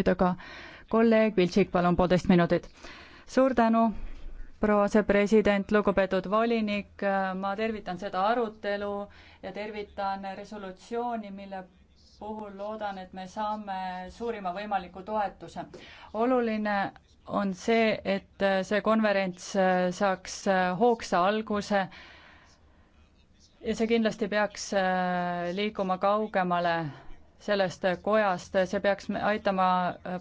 nüüd aga kolleeg Viltšik, palun, poolteist minutit. suur tänu, proua asepresident, lugupeetud volinik, ma tervitan seda arutelu ja tervitan resolutsiooni, mille puhul loodan, et me saame suurima võimaliku toetuse. oluline on see, et see konverents saaks hoogsa alguse ja see kindlasti peaks liikuma kaugemale sellest kojast, see peaks aitama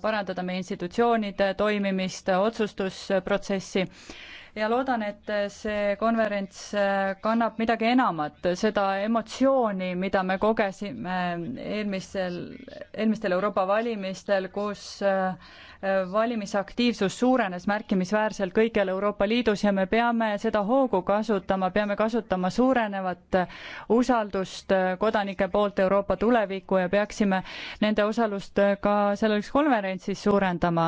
parandada meie institutsioonide toimimist, otsustusprotsessi ja loodan, et see konverents äh, kannab midagi enamat, seda emotsiooni, mida me kogesime eelmisel, eelmistel Euroopa valimistel, kus äh, valimisaktiivsus suurenes märkimisväärselt kõikjal Euroopa Liidus ja me peame seda hoogu kasutama, peame kasutama suurenevat äh, usaldust kodanike poolt Euroopa tulevikku ja peaksime nende osalust ka selleks konverentsis suurendama.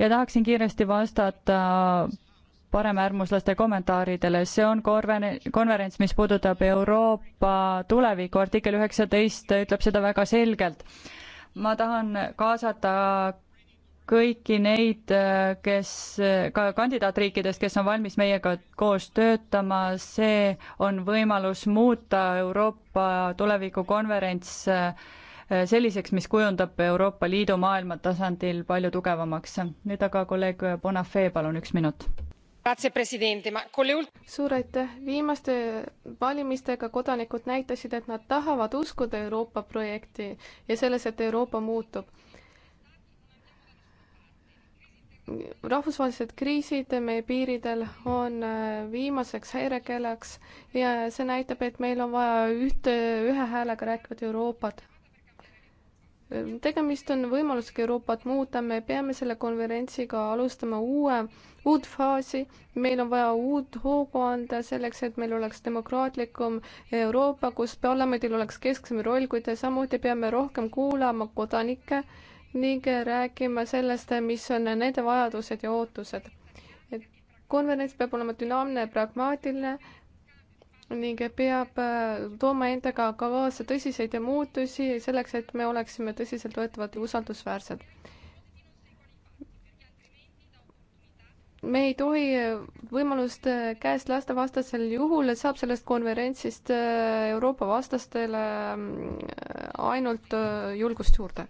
ja tahaksin kiiresti vastata paremäärmuslaste kommentaaridele, see on korven-, konverents, mis puudutab Euroopa tulevikku, artikkel üheksateist ütleb seda väga selgelt. ma tahan kaasata kõiki neid, kes, ka kandidaatriikidest, kes on valmis meiega koos töötama, see on võimalus muuta Euroopa tulevikukonverents eh, selliseks, mis kujundab Euroopa Liidu maailma tasandil palju tugevamaks. nüüd aga kolleeg Bonafé, palun üks minut suur aitäh, viimaste valimistega kodanikud näitasid, et nad tahavad uskuda Euroopa projekti ja selles, et Euroopa muutub. rahvusvahelised kriisid meie piiridel on äh, viimaseks häirekellaks ja see näitab, et meil on vaja ühte, ühe häälega rääkivat Euroopat tegemist on võimalusega Euroopat muuta, me peame selle konverentsiga alustama uue, uut faasi, meil on vaja uut hoogu anda selleks, et meil oleks demokraatlikum Euroopa, kus parlamendil oleks kesksem roll, kuid samuti peame rohkem kuulama kodanikke ning rääkima sellest, mis on nende vajadused ja ootused. konverents peab olema dünaamiline ja pragmaatiline ning peab äh, tooma endaga kaasa tõsiseid muutusi selleks, et me oleksime tõsiseltvõetavad ja usaldusväärsed. me ei tohi võimalust äh, käest lasta, vastasel juhul saab sellest konverentsist äh, Euroopa vastastele mm, ainult julgust juurde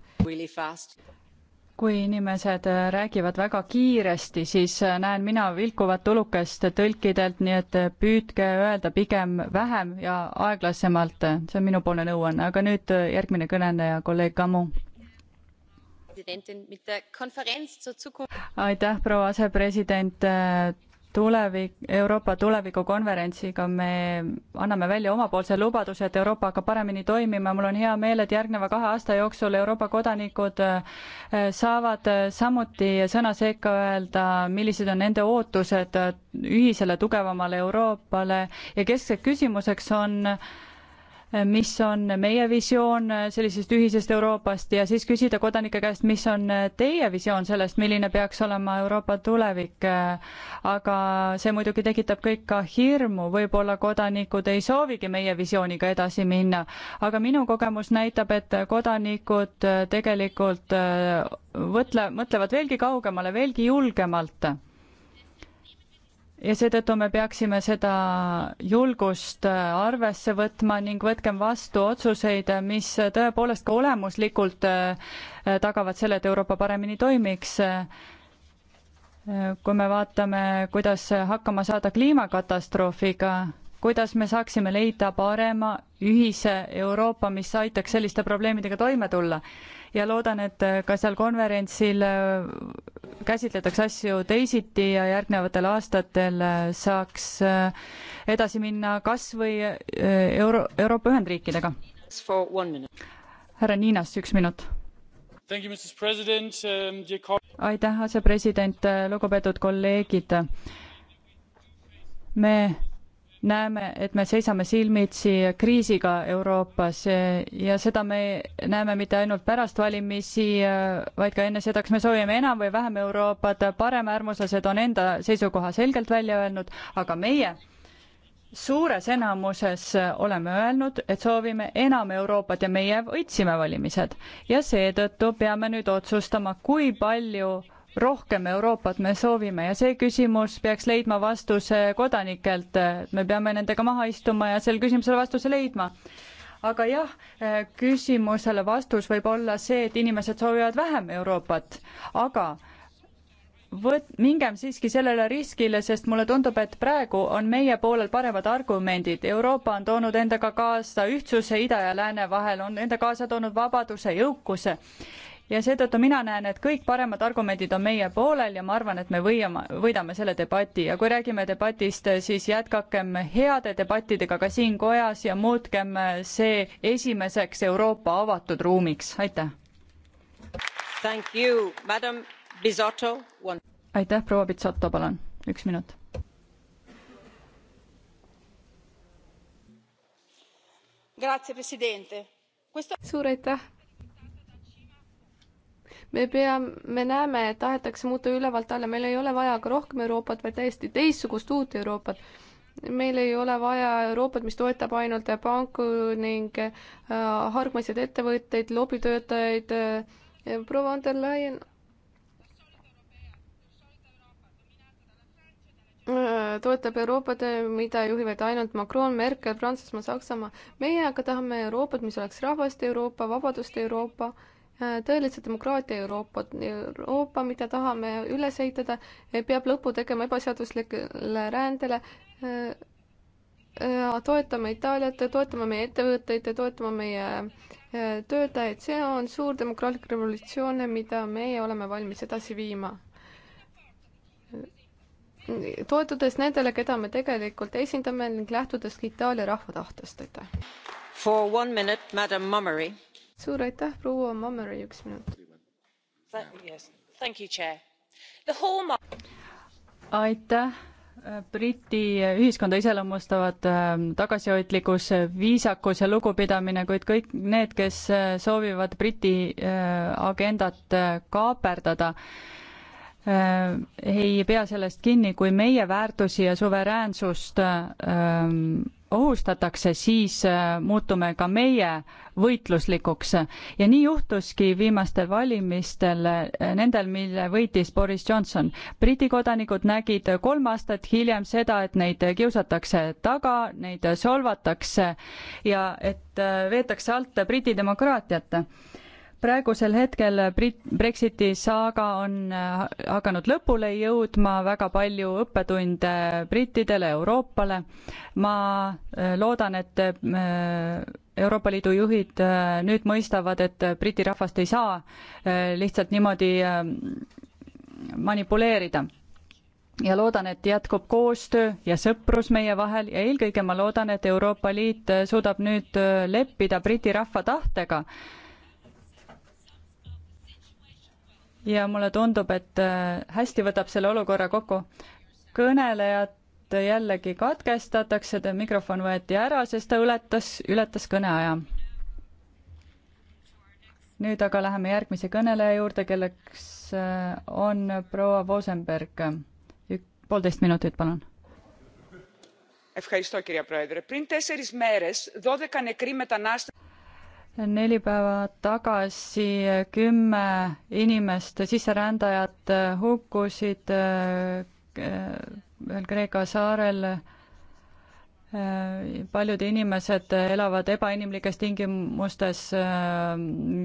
kui inimesed äh, räägivad väga kiiresti, siis äh, näen mina vilkuvat tulukest tõlkidelt, nii et äh, püüdke öelda pigem vähem ja aeglasemalt, see on minupoolne nõuanne, aga nüüd järgmine kõneleja, kolleeg Kammu. aitäh, proua asepresident tulevik, Euroopa tulevikukonverentsiga me anname välja omapoolse lubaduse, et Euroopa hakkab paremini toimima, mul on hea meel, et järgneva kahe aasta jooksul Euroopa kodanikud äh, saavad äh, samuti sõna sekka öelda, millised on nende ootused äh, ühisele tugevamale Euroopale ja keskseks küsimuseks on äh, mis on meie visioon sellisest ühisest Euroopast ja siis küsida kodanike käest, mis on teie visioon sellest, milline peaks olema Euroopa tulevik. aga see muidugi tekitab kõik ka hirmu, võib-olla kodanikud ei soovigi meie visiooniga edasi minna, aga minu kogemus näitab, et kodanikud tegelikult võtle, mõtlevad veelgi kaugemale, veelgi julgemalt ja seetõttu me peaksime seda julgust äh, arvesse võtma ning võtkem vastu otsuseid, äh, mis tõepoolest ka olemuslikult äh, tagavad selle, et Euroopa paremini toimiks. kui me vaatame, kuidas hakkama saada kliimakatastroofiga, kuidas me saaksime leida parema ühise Euroopa, mis aitaks selliste probleemidega toime tulla ja loodan, et äh, ka seal konverentsil äh, käsitletakse asju teisiti ja järgnevatel aastatel äh, saaks edasi minna kas või Euro-, Euroopa Ühendriikidega. härra Niinas, üks minut. Um, aitäh, asepresident, lugupeetud kolleegid. me näeme, et me seisame silmitsi kriisiga Euroopas ja seda me näeme mitte ainult pärast valimisi, vaid ka enne seda, kas me soovime enam või vähem Euroopat, paremäärmuslased on enda seisukoha selgelt välja öelnud, aga meie suures enamuses oleme öelnud, et soovime enam Euroopat ja meie võitsime valimised ja seetõttu peame nüüd otsustama, kui palju rohkem Euroopat me soovime ja see küsimus peaks leidma vastuse kodanikelt, me peame nendega maha istuma ja sellele küsimusele vastuse leidma. aga jah, küsimusele vastus võib olla see, et inimesed soovivad vähem Euroopat, aga võt-, mingem siiski sellele riskile, sest mulle tundub, et praegu on meie poolel paremad argumendid. Euroopa on toonud endaga kaasa ühtsuse ida ja lääne vahel, on enda kaasa toonud vabaduse, jõukuse ja seetõttu mina näen, et kõik paremad argumendid on meie poolel ja ma arvan, et me võiame, võidame selle debati ja kui räägime debatist, eh, siis jätkakem heade debattidega ka siin kojas ja muutkem eh, see esimeseks Euroopa avatud ruumiks, aitäh. aitäh, proua Pitsoto, palun, üks minut. suur aitäh me peame, me näeme, et tahetakse muuta ülevalt alla, meil ei ole vaja ka rohkem Euroopat, vaid täiesti teistsugust uut Euroopat. meil ei ole vaja Euroopat, mis toetab ainult panku ning äh, hargmaiseid ettevõtteid, lobitöötajaid äh,, proua von der Leyen äh, toetab Euroopat, mida juhivad ainult Macron, Merkel, Prantsusmaa, Saksamaa. meie aga tahame Euroopat, mis oleks rahvaste Euroopa, vabaduste Euroopa Äh, tõelise demokraatia Euroopa, Euroopa, mida tahame üles ehitada, eh, peab lõpu tegema ebaseaduslikele rändele, äh, äh, toetama Itaaliat, toetama meie ettevõtteid ja toetama meie töötajaid, see on suur demokraatlik revolutsioon, mida meie oleme valmis edasi viima. toetudes nendele, keda me tegelikult esindame ning lähtudes Itaalia rahva tahtest, aitäh. For one minute, madam Mummeri suur aitäh, proua Mammeri, üks minut. aitäh Briti ühiskonda iseloomustavad ähm, tagasihoidlikkus, viisakus ja lugupidamine, kuid kõik need, kes äh, soovivad Briti äh, agendat äh, kaaperdada, ei pea sellest kinni, kui meie väärtusi ja suveräänsust ähm, ohustatakse, siis äh, muutume ka meie võitluslikuks. ja nii juhtuski viimastel valimistel, äh, nendel, mille võitis Boris Johnson. Briti kodanikud nägid kolm aastat hiljem seda, et neid kiusatakse taga, neid solvatakse ja et äh, veetakse alt Briti demokraatiat praegusel hetkel Brit-, Brexiti saaga on äh, hakanud lõpule jõudma, väga palju õppetunde brittidele, Euroopale. ma äh, loodan, et äh, Euroopa Liidu juhid nüüd mõistavad, et Briti rahvast ei saa lihtsalt niimoodi manipuleerida ja loodan, et jätkub koostöö ja sõprus meie vahel ja eelkõige ma loodan, et Euroopa Liit suudab nüüd leppida Briti rahva tahtega ja mulle tundub, et äh, hästi võtab selle olukorra kokku. kõnelejat jällegi katkestatakse, ta mikrofon võeti ära, sest ta ületas, ületas kõneaja. nüüd aga läheme järgmise kõneleja juurde, kelleks äh, on proua Vosenberg. poolteist minutit, palun neli päeva tagasi kümme inimest, sisserändajat hukkusid ühel äh, äh, Kreeka saarel. Äh, paljud inimesed elavad ebainimlikes tingimustes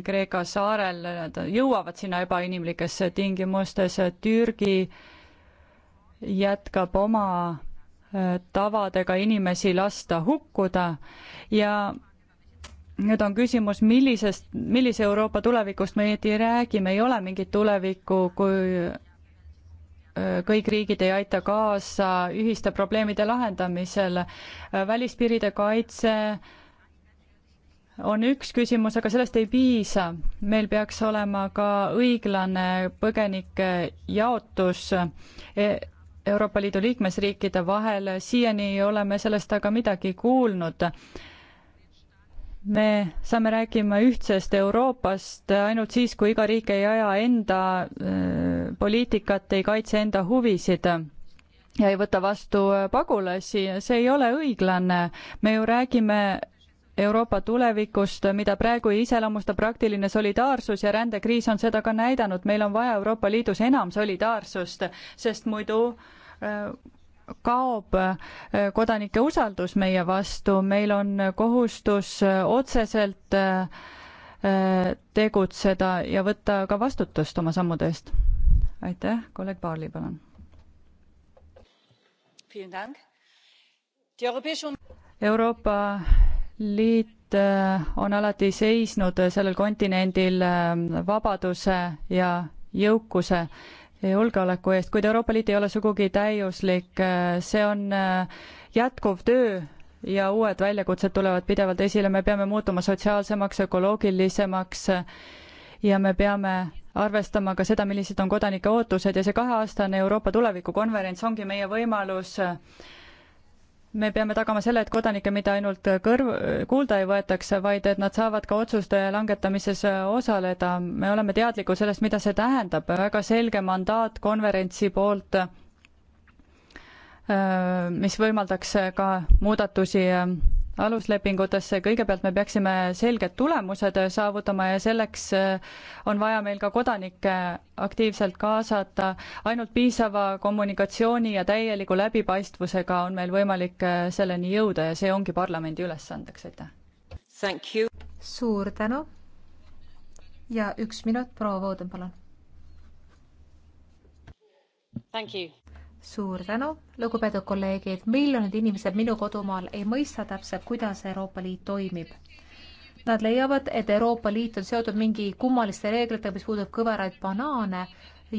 Kreeka saarel, nad jõuavad sinna ebainimlikesse tingimustes, Türgi jätkab oma tavadega inimesi lasta hukkuda ja nüüd on küsimus, millisest, millise Euroopa tulevikust me õieti räägime, ei ole mingit tulevikku, kui äh, kõik riigid ei aita kaasa ühiste probleemide lahendamisel. Äh, välispiiride kaitse on üks küsimus, aga sellest ei piisa. meil peaks olema ka õiglane põgenike jaotus äh, Euroopa Liidu liikmesriikide vahel, siiani ei ole me sellest aga midagi kuulnud me saame rääkima ühtsest Euroopast ainult siis, kui iga riik ei aja enda äh, poliitikat, ei kaitse enda huvisid ja ei võta vastu äh, pagulasi, see ei ole õiglane. me ju räägime Euroopa tulevikust, mida praegu iseloomustab praktiline solidaarsus ja rändekriis on seda ka näidanud, meil on vaja Euroopa Liidus enam solidaarsust, sest muidu äh, kaob äh, kodanike usaldus meie vastu, meil on kohustus äh, otseselt äh, tegutseda ja võtta ka vastutust oma sammude eest. aitäh, kolleeg Paarli, palun. Euroopa Liit on alati seisnud sellel kontinendil vabaduse ja jõukuse julgeoleku eest, kuid Euroopa Liit ei ole sugugi täiuslik, see on äh, jätkuv töö ja uued väljakutsed tulevad pidevalt esile, me peame muutuma sotsiaalsemaks, ökoloogilisemaks ja me peame arvestama ka seda, millised on kodanike ootused ja see kaheaastane Euroopa tulevikukonverents ongi meie võimalus äh, me peame tagama selle, et kodanikke mitte ainult kõrv, kuulda ei võetaks, vaid et nad saavad ka otsuste langetamises osaleda. me oleme teadlikud sellest, mida see tähendab, väga selge mandaat konverentsi poolt, äh, mis võimaldaks ka muudatusi äh, aluslepingutesse, kõigepealt me peaksime selged tulemused saavutama ja selleks äh, on vaja meil ka kodanikke aktiivselt kaasata. ainult piisava kommunikatsiooni ja täieliku läbipaistvusega on meil võimalik äh, selleni jõuda ja see ongi parlamendi ülesandeks, aitäh. suur tänu. ja üks minut, proua Vooden, palun suur tänu, lugupeetud kolleegid, miljonid inimesed minu kodumaal ei mõista täpselt, kuidas Euroopa Liit toimib. Nad leiavad, et Euroopa Liit on seotud mingi kummaliste reeglitega, mis puudutab kõveraid banaane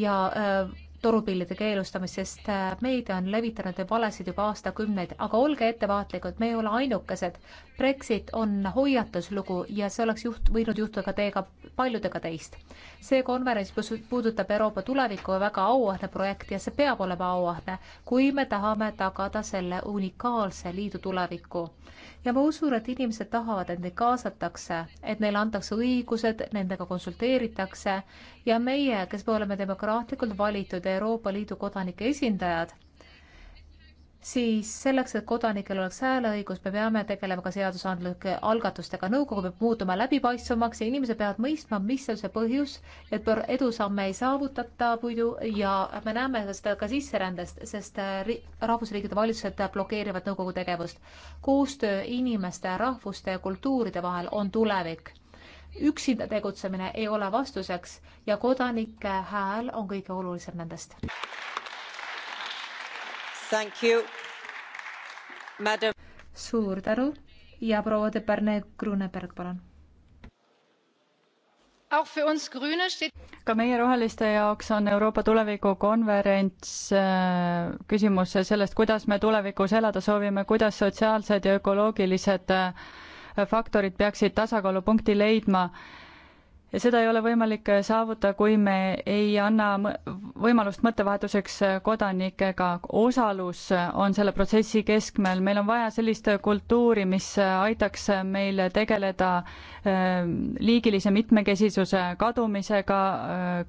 ja äh, torupillide keelustamist, sest äh, meedia on levitanud valesid juba aastakümneid, aga olge ettevaatlikud, me ei ole ainukesed. Brexit on hoiatuslugu ja see oleks juht, võinud juhtuda ka teiega, paljudega teist. see konverents puudutab Euroopa tulevikku ja väga auahne projekt ja see peab olema auahne, kui me tahame tagada selle unikaalse liidu tulevikku. ja ma usun, et inimesed tahavad, et neid kaasatakse, et neile antakse õigused, nendega konsulteeritakse ja meie, kes me oleme demokraatlikult valitud Euroopa Liidu kodanike esindajad, siis selleks, et kodanikel oleks hääleõigus, me peame tegelema ka seadusandlike algatustega. nõukogu peab muutuma läbipaistvamaks ja inimesed peavad mõistma, mis on see põhjus, et edusamme ei saavutata muidu ja me näeme seda ka sisserändest, sest äh, rahvusriikide valitsused blokeerivad nõukogu tegevust. koostöö inimeste, rahvuste ja kultuuride vahel on tulevik üksinda tegutsemine ei ole vastuseks ja kodanike hääl on kõige olulisem nendest suur tänu ja proua de Perne Gruneberg, palun. ka meie roheliste jaoks on Euroopa tulevikukonverents äh, küsimus sellest, kuidas me tulevikus elada soovime, kuidas sotsiaalsed ja ökoloogilised äh, faktorid peaksid tasakaalupunkti leidma ja seda ei ole võimalik äh, saavutada, kui me ei anna võimalust mõttevahetuseks äh, kodanikega. osalus äh, on selle protsessi keskmel, meil on vaja sellist kultuuri, mis aitaks meil tegeleda liigilise mitmekesisuse kadumisega,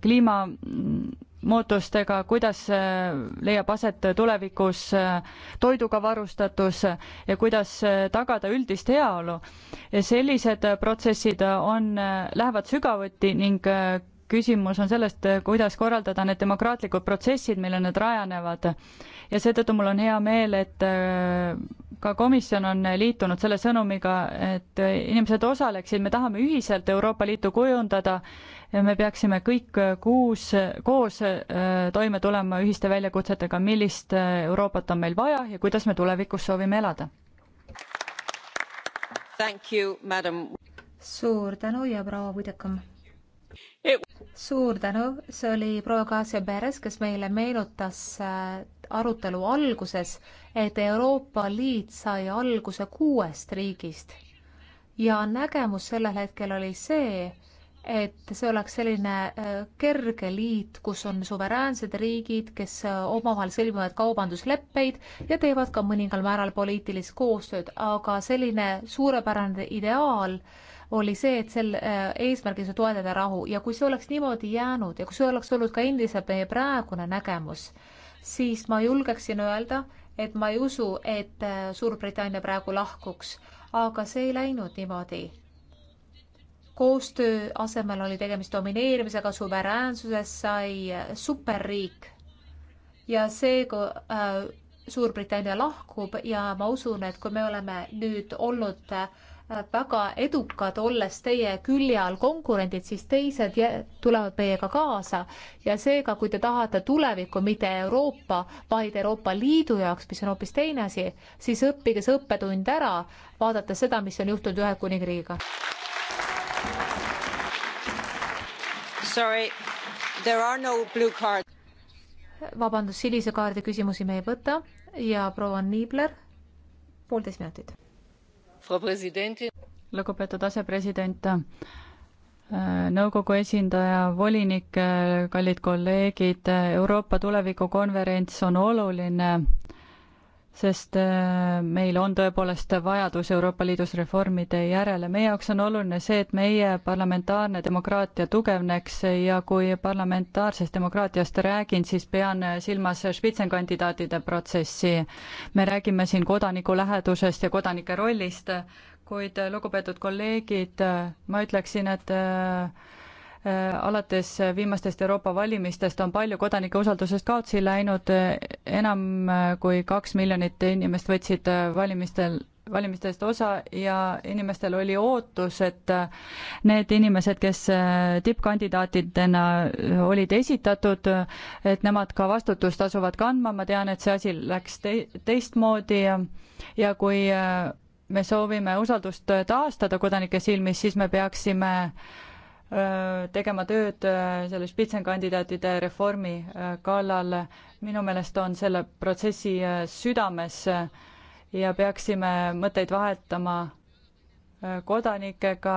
kliima mm, muutustega, kuidas äh, leiab aset tulevikus äh, toiduga varustatus ja kuidas äh, tagada üldist heaolu. sellised protsessid on, lähevad sügavuti ning küsimus on sellest, kuidas korraldada need demokraatlikud protsessid, millel need rajanevad. ja seetõttu mul on hea meel, et ka komisjon on liitunud selle sõnumiga, et inimesed osaleksid, me tahame ühiselt Euroopa Liitu kujundada me peaksime kõik äh, kuus, koos äh, toime tulema ühiste väljakutsetega, millist äh, Euroopat on meil vaja ja kuidas me tulevikus soovime elada. suur tänu ja proua Puidekam e- suur tänu, see oli proua Kasia Peres, kes meile meenutas arutelu alguses, et Euroopa Liit sai alguse kuuest riigist ja nägemus sellel hetkel oli see, et see oleks selline äh, kerge liit, kus on suveräänsed riigid, kes äh, omavahel sõlmivad kaubandusleppeid ja teevad ka mõningal määral poliitilist koostööd, aga selline suurepärane ideaal oli see, et sel äh, eesmärgis toetada rahu ja kui see oleks niimoodi jäänud ja kui see oleks olnud ka endiselt meie praegune nägemus, siis ma julgeksin öelda, et ma ei usu, et Suurbritannia praegu lahkuks, aga see ei läinud niimoodi koostöö asemel oli tegemist domineerimisega, suveräänsusest sai superriik. ja see, kui äh, Suurbritannia lahkub ja ma usun, et kui me oleme nüüd olnud äh, väga edukad, olles teie külje all konkurendid, siis teised tulevad meiega kaasa ja seega, kui te tahate tulevikku mitte Euroopa, vaid Euroopa Liidu jaoks, mis on hoopis teine asi, siis õppige see õppetund ära, vaadates seda, mis on juhtunud Ühendkuningriigiga. Sorry, there are no blue card. vabandust, sinise kaardi küsimusi me ei võta ja proua Niibler, poolteist minutit. lugupeetud asepresident, nõukogu esindaja, volinik, kallid kolleegid, Euroopa tulevikukonverents on oluline sest äh, meil on tõepoolest vajadus Euroopa Liidus reformide järele. meie jaoks on oluline see, et meie parlamentaarne demokraatia tugevneks ja kui parlamentaarsest demokraatiast räägin, siis pean silmas spitsenkandidaatide protsessi. me räägime siin kodaniku lähedusest ja kodanike rollist, kuid lugupeetud kolleegid, ma ütleksin, et äh, Äh, alates äh, viimastest Euroopa valimistest on palju kodanike usaldusest kaotsi läinud, äh, enam kui kaks miljonit inimest võtsid valimistel valimistest osa ja inimestel oli ootus, et need inimesed, kes tippkandidaatidena olid esitatud, et nemad ka vastutust asuvad kandma, ma tean, et see asi läks te teistmoodi ja, ja kui me soovime usaldust taastada kodanike silmis, siis me peaksime äh, tegema tööd selle spitsenkandidaatide reformi kallal. minu meelest on selle protsessi südames ja peaksime mõtteid vahetama kodanikega,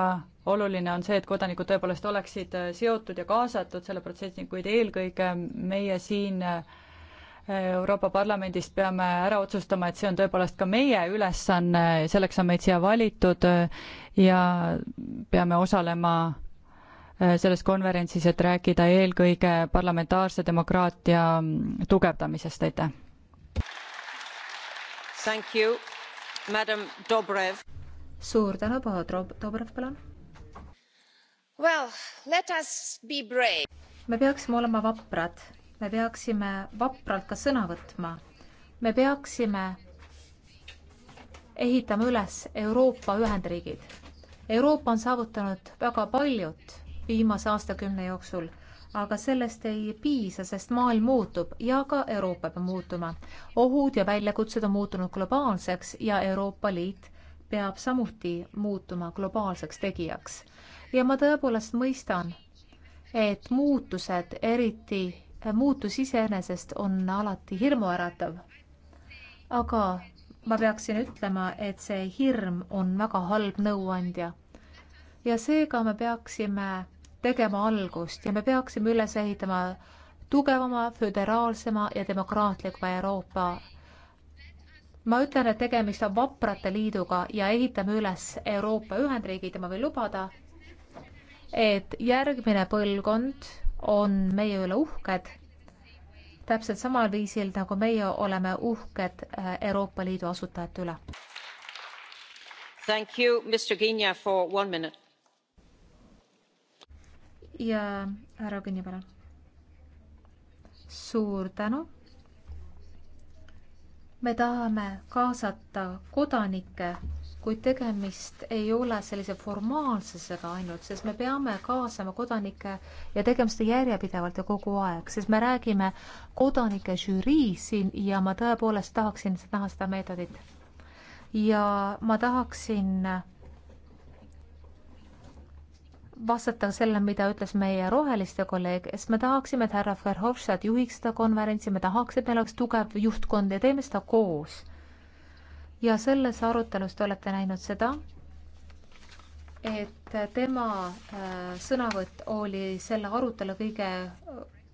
oluline on see, et kodanikud tõepoolest oleksid seotud ja kaasatud selle protsessi, kuid eelkõige meie siin Euroopa Parlamendist peame ära otsustama, et see on tõepoolest ka meie ülesanne, selleks on meid siia valitud ja peame osalema Äh, selles konverentsis, et rääkida eelkõige parlamentaarse demokraatia mm, tugevdamisest, aitäh! suur tänu, proua Dobrev, palun! me peaksime olema vaprad, me peaksime vapralt ka sõna võtma, me peaksime ehitama üles Euroopa ühendriigid. Euroopa on saavutanud väga paljut viimase aastakümne jooksul. aga sellest ei piisa, sest maailm muutub ja ka Euroopa peab muutuma. ohud ja väljakutsed on muutunud globaalseks ja Euroopa Liit peab samuti muutuma globaalseks tegijaks. ja ma tõepoolest mõistan, et muutused, eriti eh, muutus iseenesest on alati hirmuäratav. aga ma peaksin ütlema, et see hirm on väga halb nõuandja. ja seega me peaksime tegema algust ja me peaksime üles ehitama tugevama, föderaalsema ja demokraatlikuma Euroopa. ma ütlen, et tegemist on vaprate liiduga ja ehitame üles Euroopa Ühendriigid ja ma võin lubada, et järgmine põlvkond on meie üle uhked, täpselt samal viisil, nagu meie oleme uhked äh, Euroopa Liidu asutajate üle. Thank you, Mr Ginja, for one minute ja härra Kõnni, palun. suur tänu. me tahame kaasata kodanikke, kuid tegemist ei ole sellise formaalsusega ainult, sest me peame kaasama kodanikke ja tegema seda järjepidevalt ja kogu aeg, sest me räägime kodanike žürii siin ja ma tõepoolest tahaksin näha seda meetodit. ja ma tahaksin äh, vastata selle, mida ütles meie roheliste kolleeg, sest me tahaksime, et härra Verhofstadt juhiks seda konverentsi, me tahaks, et meil oleks tugev juhtkond ja teeme seda koos. ja selles arutelus te olete näinud seda, et tema äh, sõnavõtt oli selle arutelu kõige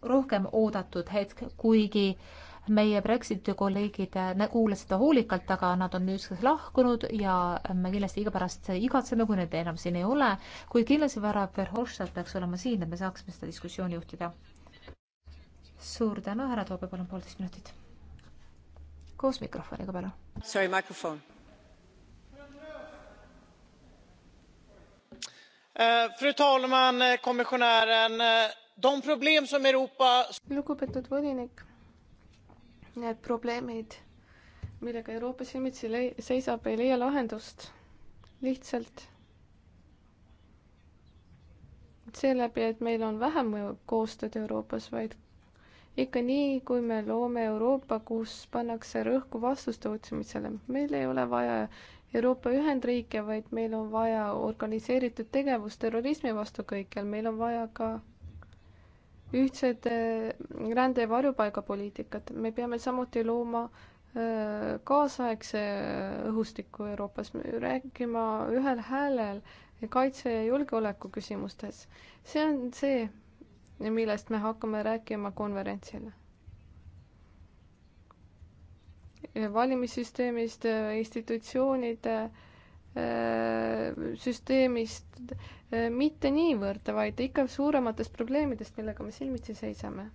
rohkem oodatud hetk, kuigi äh, meie Brexiti kolleegid äh, kuulasid seda hoolikalt, aga nad on nüüdseks lahkunud ja me kindlasti iga pärast igatseme, kui neid enam siin ei ole, kuid kindlasti härra Verhofstadt peaks olema siin, et me saaksime seda diskussiooni juhtida. suur tänu, härra Toobe, palun poolteist minutit. koos mikrofoniga, palun. Sorry, mikrofon uh,. Eh, fru talman, eh, komisjonär, eh, de probleem som Euroopa lugupeetud volinik Need probleemid, millega Euroopa silmitsi seisab, ei leia lahendust lihtsalt seeläbi, et meil on vähem koostööd Euroopas, vaid ikka nii, kui me loome Euroopa, kus pannakse rõhku vastuste otsimisele. meil ei ole vaja Euroopa Ühendriike, vaid meil on vaja organiseeritud tegevust terrorismi vastu kõikjal, meil on vaja ka ühtset äh, rände- ja varjupaigapoliitikat. me peame samuti looma äh, kaasaegse äh, õhustiku Euroopas, rääkima ühel häälel kaitse- ja julgeoleku küsimustes. see on see, millest me hakkame rääkima konverentsil. valimissüsteemist, institutsioonide Äh, süsteemist, äh, mitte niivõrd, vaid ikka suurematest probleemidest, millega me silmitsi seisame.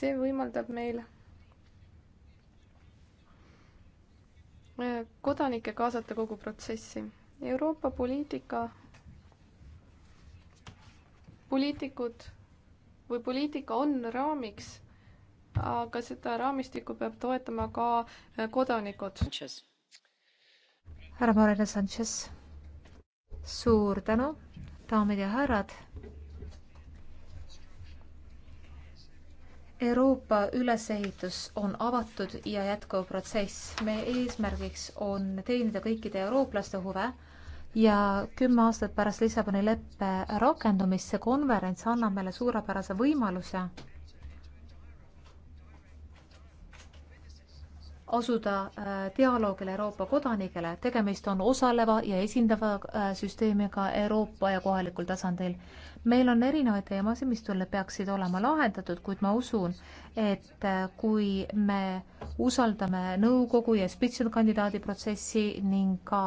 see võimaldab meil äh, kodanikke kaasata kogu protsessi. Euroopa poliitika, poliitikud või poliitika on raamiks, aga seda raamistikku peab toetama ka kodanikud härra Morena Sanchez. suur tänu, daamid ja härrad. Euroopa ülesehitus on avatud ja jätkuv protsess. meie eesmärgiks on teenida kõikide eurooplaste huve ja kümme aastat pärast Lissaboni leppe rakendumist see konverents annab meile suurepärase võimaluse asuda äh, dialoogile Euroopa kodanikele, tegemist on osaleva ja esindava äh, süsteemiga Euroopa ja kohalikul tasandil. meil on erinevaid teemasid, mis tulle, peaksid olema lahendatud, kuid ma usun, et äh, kui me usaldame nõukogu ja spitsenkandidaadi protsessi ning ka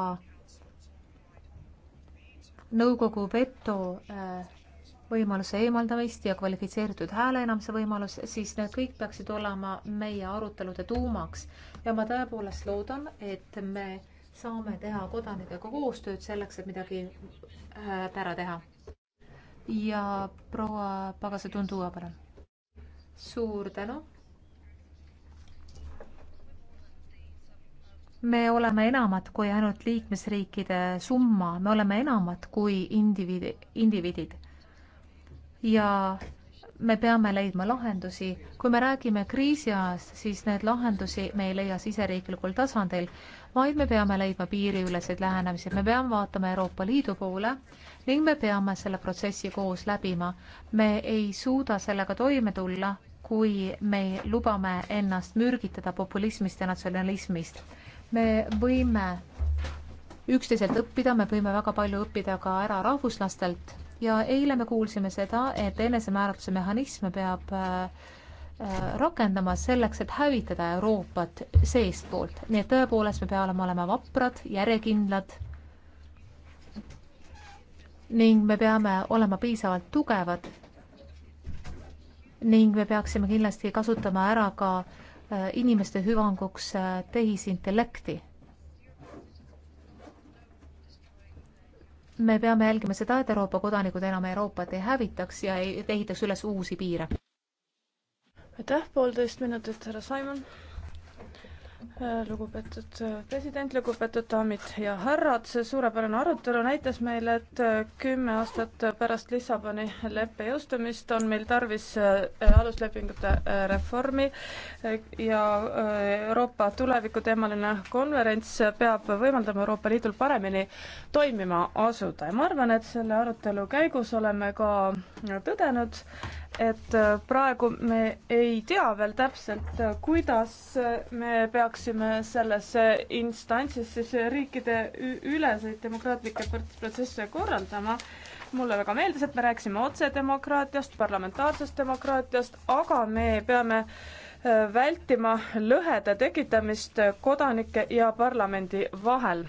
nõukogu veto võimaluse eemaldamist ja kvalifitseeritud hääle enamise võimalus, siis need kõik peaksid olema meie arutelude tuumaks ja ma tõepoolest loodan, et me saame teha kodanikega koostööd selleks, et midagi äh, ära teha. ja proua Pagase-Tundua, palun. suur tänu me oleme enamad kui ainult liikmesriikide summa, me oleme enamad kui indiviidi, indiviidid. ja me peame leidma lahendusi. kui me räägime kriisiajast, siis need lahendusi me ei leia siseriiklikul tasandil, vaid me peame leidma piiriüleseid lähenemisi. me peame vaatama Euroopa Liidu poole ning me peame selle protsessi koos läbima. me ei suuda sellega toime tulla, kui me lubame ennast mürgitada populismist ja natsionalismist. me võime üksteiselt õppida, me võime väga palju õppida ka ära rahvuslastelt ja eile me kuulsime seda, et enesemääratluse mehhanisme peab äh, äh, rakendama selleks, et hävitada Euroopat seestpoolt, nii et tõepoolest me peame olema vaprad, järjekindlad ning me peame olema piisavalt tugevad ning me peaksime kindlasti kasutama ära ka äh, inimeste hüvanguks tehisintellekti me peame jälgima seda, et Euroopa kodanikud enam Euroopat ei hävitaks ja ei ehitaks üles uusi piire. aitäh, poolteist minutit, härra Simon Äh, lugupeetud äh, president, lugupeetud daamid ja härrad, see suurepärane arutelu näitas meile, et äh, kümme aastat pärast Lissaboni leppe jõustumist on meil tarvis aluslepingute reformi ja Euroopa tuleviku teemaline konverents peab võimaldama Euroopa Liidul paremini toimima asuda ja ma arvan, et selle arutelu käigus oleme ka tõdenud, et äh, praegu me ei tea veel täpselt, äh, kuidas äh, me peaksime selles instantsis siis riikide üleseid demokraatlikke protsesse korraldama. mulle väga meeldis, et me rääkisime otsedemokraatiast, parlamentaarsest demokraatiast, aga me peame vältima lõhede tekitamist kodanike ja parlamendi vahel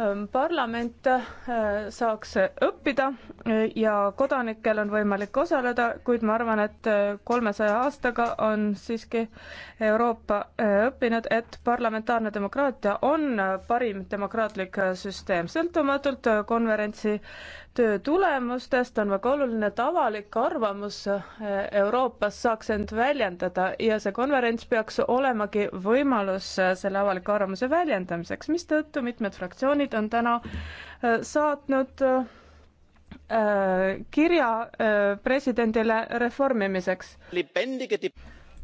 Ähm, parlament äh, saaks õppida äh, ja kodanikel on võimalik osaleda, kuid ma arvan, et äh, kolmesaja aastaga on siiski Euroopa õppinud, et parlamentaarne demokraatia on parim demokraatlik süsteem, sõltumatult konverentsi töö tulemustest, on väga oluline, et avalik arvamus eh, Euroopas saaks end väljendada ja see konverents peaks olemagi võimalus eh, selle avaliku arvamuse väljendamiseks, mistõttu mitmed fraktsioonid on täna eh, saatnud kirja presidendile reformimiseks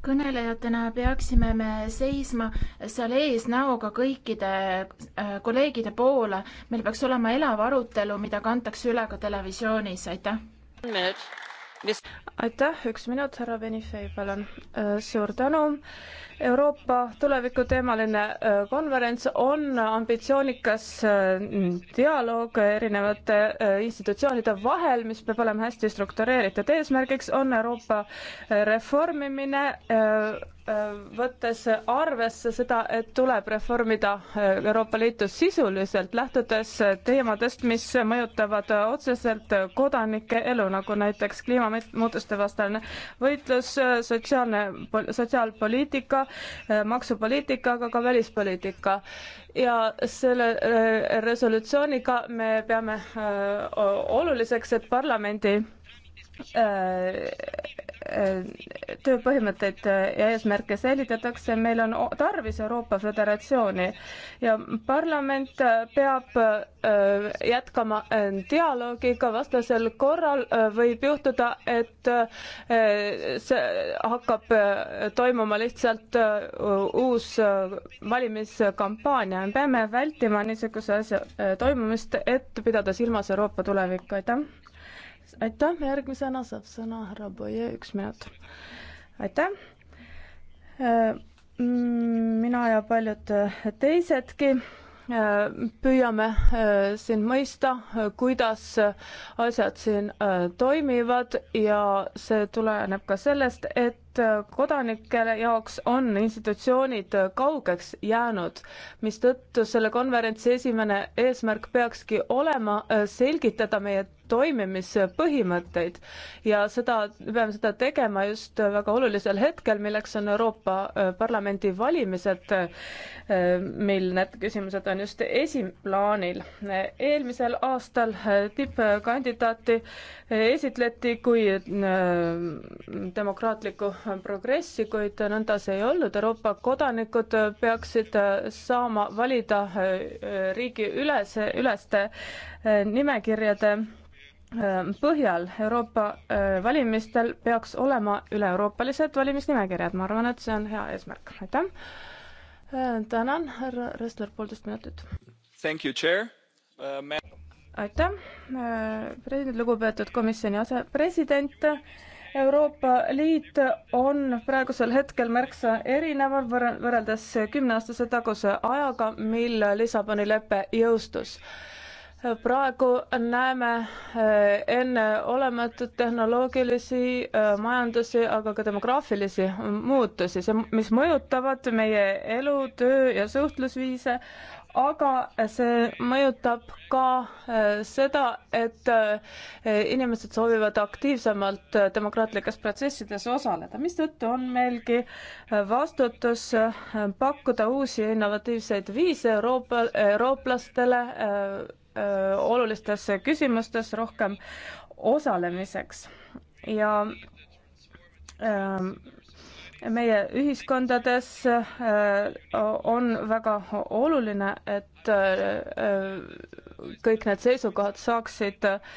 kõnelejatena peaksime me seisma seal ees näoga kõikide äh, kolleegide poole. meil peaks olema elav arutelu, mida kantakse üle ka televisioonis, aitäh aitäh, üks minut, härra Benifei, palun. Äh, suur tänu. Euroopa tuleviku teemaline äh, konverents on ambitsioonikas äh, dialoog erinevate institutsioonide vahel, mis peab olema hästi struktureeritud. eesmärgiks on Euroopa reformimine Äh, võttes arvesse seda, et tuleb reformida äh, Euroopa Liitu sisuliselt, lähtudes äh, teemadest, mis mõjutavad otseselt kodanike elu, nagu näiteks kliimamuutuste vastane võitlus, sotsiaalne, sotsiaalpoliitika, maksupoliitika, aga ka välispoliitika. ja selle resolutsiooniga me peame oluliseks, et parlamendi Äh, äh, tööpõhimõtteid ja eesmärke säilitatakse, meil on tarvis Euroopa Föderatsiooni ja parlament peab äh, jätkama dialoogi, ka vastasel korral võib juhtuda, et see hakkab toimuma lihtsalt uus valimiskampaania. me peame vältima niisuguse asja toimumist, et pidada silmas Euroopa tulevikku, aitäh! aitäh, järgmisena saab sõna härra Boie, üks minut. aitäh. Äh, mm, mina ja paljud teisedki äh, püüame äh, siin mõista, kuidas asjad siin toimivad ja see tuleneb ka sellest, et et äh, kodanikele jaoks on institutsioonid äh, kaugeks jäänud, mistõttu selle konverentsi esimene eesmärk peakski olema äh, selgitada meie toimimispõhimõtteid ja seda, me peame seda tegema just väga olulisel hetkel, milleks on Euroopa Parlamendi valimised, mil need küsimused on just esiplaanil. eelmisel aastal tippkandidaati esitleti kui demokraatliku progressi, kuid nõnda see ei olnud. Euroopa kodanikud peaksid saama valida äh, riigi üles, üleste äh, nimekirjade äh, põhjal Euroopa valimistel peaks olema üle-euroopalised valimisnimekirjad, ma arvan, et see on hea eesmärk, aitäh. tänan, härra Ressler, poolteist minutit. Uh, aitäh, president, lugupeetud komisjoni asepresident Euroopa Liit on praegusel hetkel märksa erineval võrreldes kümneaastase taguse ajaga, mil Lissaboni lepe jõustus praegu näeme eh, enneolematut tehnoloogilisi, eh, majandusi, aga ka demograafilisi muutusi, mis mõjutavad meie elu, töö ja suhtlusviise, aga see mõjutab ka äh, seda, et äh, inimesed soovivad aktiivsemalt äh, demokraatlikes protsessides osaleda, mistõttu on meilgi vastutus pakkuda uusi innovatiivseid viise Euroopa, eurooplastele olulistes küsimustes rohkem osalemiseks ja ähm, meie ühiskondades äh, on väga oluline, et äh, kõik need seisukohad saaksid äh,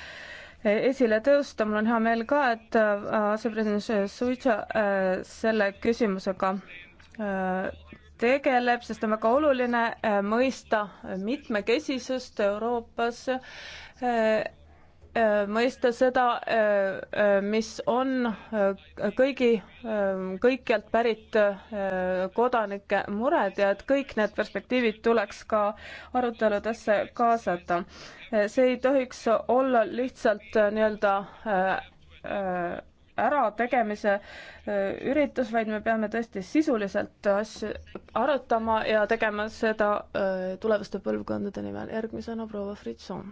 esile tõusta. mul on hea meel ka, et asepresident Suitsa selle küsimusega tegeleb, sest on väga oluline mõista mitmekesisust Euroopas Äh, mõista seda, äh, äh, mis on kõigi, kõikjalt pärit kodanike mured ja et kõik need perspektiivid tuleks ka aruteludesse kaasata. see ei tohiks olla lihtsalt nii-öelda ärategemise üritus, vaid me peame tõesti sisuliselt asju arutama ja tegema seda tulevaste põlvkondade nimel. järgmisena proua Fritson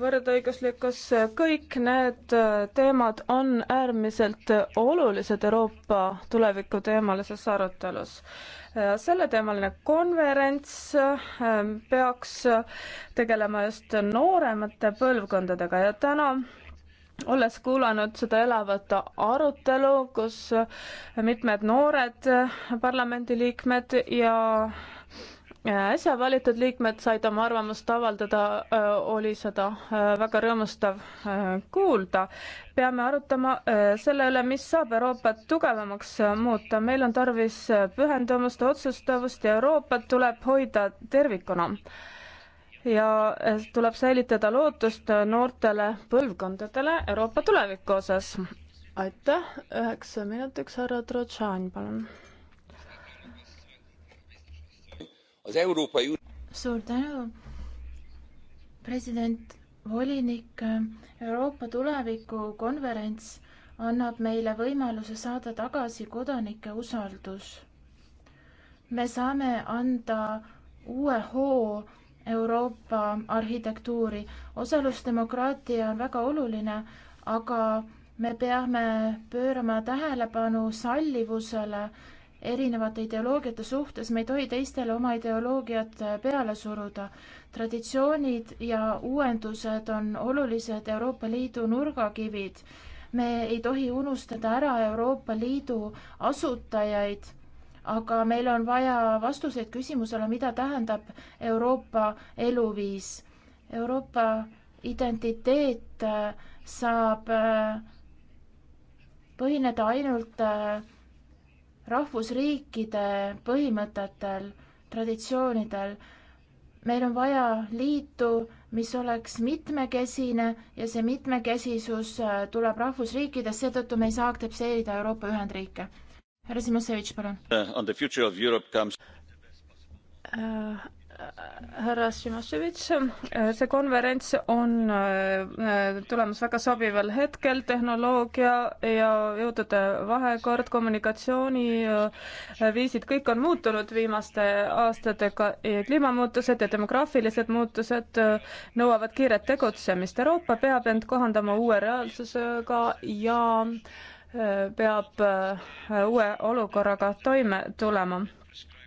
võrdõiguslikkus, kõik need äh, teemad on äärmiselt olulised Euroopa tuleviku teemalises arutelus. Äh, selleteemaline konverents äh, peaks tegelema just nooremate põlvkondadega ja täna olles kuulanud seda elavat arutelu, kus mitmed noored parlamendiliikmed ja äsja valitud liikmed said oma arvamust avaldada, äh, oli seda äh, väga rõõmustav äh, kuulda. peame arutama selle üle, mis saab Euroopat tugevamaks muuta. meil on tarvis pühendumust, otsustavust ja Euroopat tuleb hoida tervikuna. ja tuleb säilitada lootust noortele põlvkondadele Euroopa tuleviku osas. aitäh, üheksa minutiks, härra Trotšan, palun az Európai Unió. suur tänu, president, volinik, Euroopa tulevikukonverents annab meile võimaluse saada tagasi kodanike usaldus. me saame anda uue hoo Euroopa arhitektuuri. osalusdemokraatia on väga oluline, aga me peame pöörama tähelepanu sallivusele erinevate ideoloogiate suhtes, me ei tohi teistele oma ideoloogiat äh, peale suruda. traditsioonid ja uuendused on olulised Euroopa Liidu nurgakivid. me ei tohi unustada ära Euroopa Liidu asutajaid, aga meil on vaja vastuseid küsimusele, mida tähendab Euroopa eluviis. Euroopa identiteet äh, saab äh, põhineda ainult äh, rahvusriikide põhimõtetel, traditsioonidel. meil on vaja liitu, mis oleks mitmekesine ja see mitmekesisus äh, tuleb rahvusriikides, seetõttu me ei saa aktsepteerida Euroopa Ühendriike. härra Simosevitš, palun uh, härra Šimaševitš, see konverents on äh, tulemas väga sobival hetkel, tehnoloogia ja jõudude vahekord, kommunikatsiooniviisid, äh, kõik on muutunud viimaste aastatega. kliimamuutused ja demograafilised muutused äh, nõuavad kiiret tegutsemist. Euroopa peab end kohandama uue reaalsusega ja peab uue olukorraga toime tulema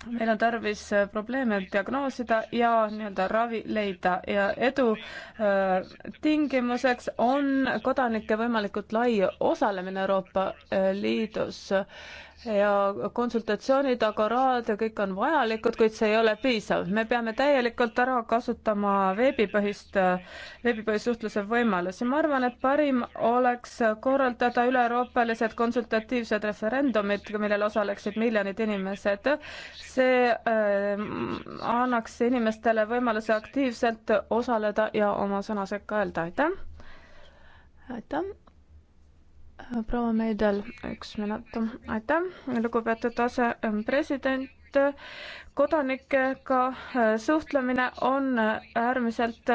meil on tarvis äh, probleeme diagnoosida ja nii-öelda ravi leida ja edu äh, tingimuseks on kodanike võimalikult lai osalemine Euroopa äh, Liidus äh, ja konsultatsioonid, agoraad ja kõik on vajalikud, kuid see ei ole piisav. me peame täielikult ära kasutama veebipõhist, veebipõhist suhtluse võimalusi. ma arvan, et parim oleks korraldada üle-euroopalised konsultatiivsed referendumid, millel osaleksid miljonid inimesed. see äh, annaks inimestele võimaluse aktiivselt osaleda ja oma sõna sekka öelda. aitäh! aitäh! Äh, proua Meidel, üks minut. aitäh, lugupeetud asepresident. kodanikega äh, suhtlemine on äh, äärmiselt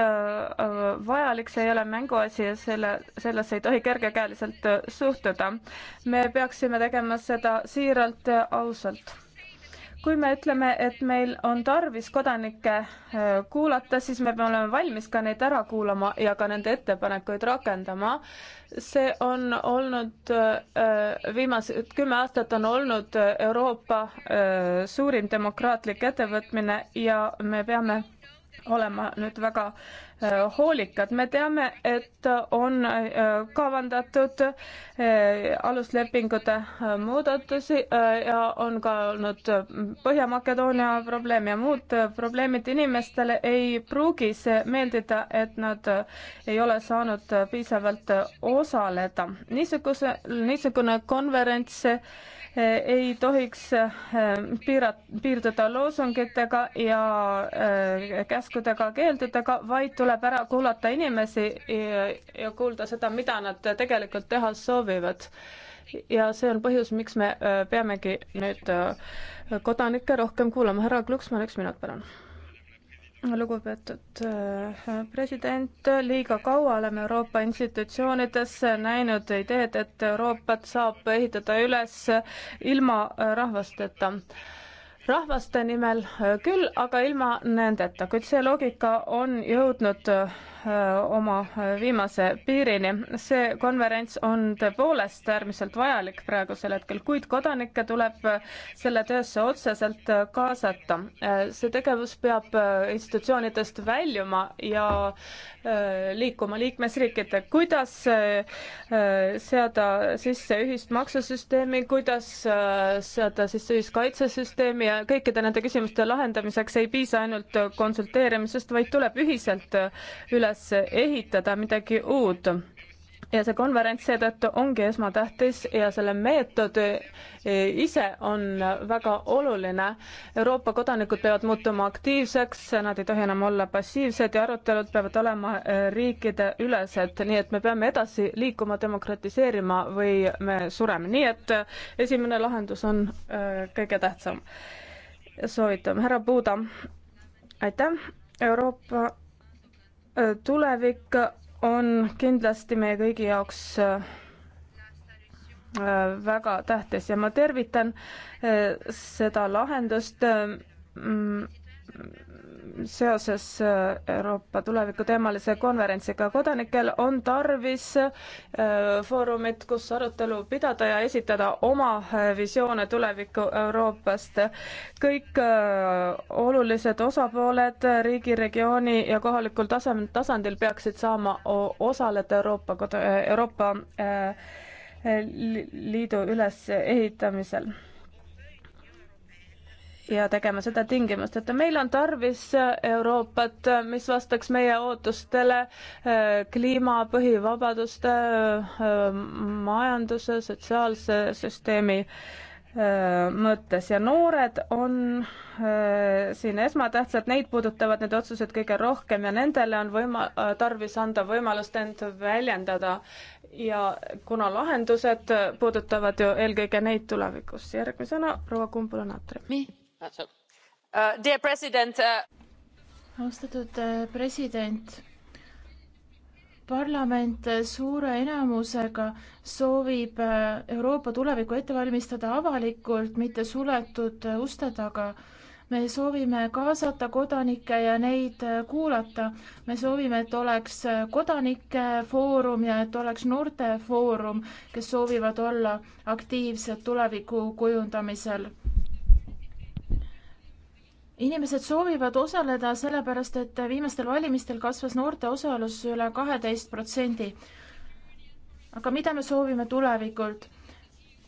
vajalik, see ei ole mänguasi ja selle, sellesse ei tohi kergekäeliselt suhtuda. me peaksime tegema seda siiralt ja ausalt kui me ütleme, et meil on tarvis kodanikke äh, kuulata, siis me peame olema valmis ka neid ära kuulama ja ka nende ettepanekuid rakendama. see on olnud, äh, viimased kümme aastat on olnud Euroopa äh, suurim demokraatlik ettevõtmine ja me peame olema nüüd väga äh, hoolikad. me teame, et on äh, kavandatud äh, aluslepingute muudatusi ja on ka olnud Põhja-Makedoonia probleem ja muud probleemid. inimestele ei pruugi see meeldida, et nad ei ole saanud piisavalt osaleda. niisuguse, niisugune konverents ei tohiks eh, piirat-, piirduda loosungitega ja eh, käskudega, keeldudega, vaid tuleb ära kuulata inimesi ja, ja kuulda seda, mida nad tegelikult teha soovivad. ja see on põhjus, miks me eh, peamegi nüüd kodanikke rohkem kuulama. härra Glucksmann, üks minut, palun lugupeetud äh, president, liiga kaua oleme Euroopa institutsioonides näinud ideed, et Euroopat saab ehitada üles ilma äh, rahvasteta rahvaste nimel äh, küll, aga ilma nendeta, kuid see loogika on jõudnud Äh, oma viimase piirini. see konverents on tõepoolest äärmiselt vajalik praegusel hetkel, kuid kodanikke tuleb äh, selle töösse otseselt äh, kaasata. see tegevus peab institutsioonidest väljuma ja liikuma liikmesriikide, kuidas seada sisse ühist maksusüsteemi, kuidas seada sisse ühist kaitsesüsteemi ja kõikide nende küsimuste lahendamiseks ei piisa ainult konsulteerimisest, vaid tuleb ühiselt üle üles ehitada midagi uut ja see konverents seetõttu ongi esmatähtis ja selle meetod e, ise on väga oluline. Euroopa kodanikud peavad muutuma aktiivseks, nad ei tohi enam olla passiivsed ja arutelud peavad olema e, riikideülesed, nii et me peame edasi liikuma, demokratiseerima või me sureme, nii et e, esimene lahendus on kõige tähtsam. soovitame, härra Puuda, aitäh, Euroopa tulevik on kindlasti meie kõigi jaoks äh, väga tähtis ja ma tervitan äh, seda lahendust, mm, seoses äh, Euroopa tuleviku teemalise konverentsiga. kodanikel on tarvis äh, foorumit, kus arutelu pidada ja esitada oma äh, visioone tuleviku Euroopast. kõik olulised osapooled riigi, regiooni ja kohalikul tasem-, tasandil peaksid saama osaleda Euroopa kod-, Euroopa Liidu ülesehitamisel ja tegema seda tingimusteta. meil on tarvis Euroopat, mis vastaks meie ootustele äh, kliima, põhivabaduste, äh, majanduse, sotsiaalse süsteemi äh, mõttes ja noored on äh, siin esmatähtsad, neid puudutavad need otsused kõige rohkem ja nendele on võima-, tarvis anda võimalust end väljendada. ja kuna lahendused puudutavad ju eelkõige neid tulevikus, järgmisena proua Kumbula-Natri. Uh, dear president. Uh, austatud uh, president, parlament suure enamusega soovib Euroopa tulevikku ette valmistada avalikult, mitte suletud uste taga me soovime kaasata kodanikke ja neid kuulata. me soovime, et oleks kodanike foorum ja et oleks noorte foorum, kes soovivad olla aktiivsed tuleviku kujundamisel inimesed soovivad osaleda sellepärast, et viimastel valimistel kasvas noorte osalus üle kaheteist protsendi. aga mida me soovime tulevikult?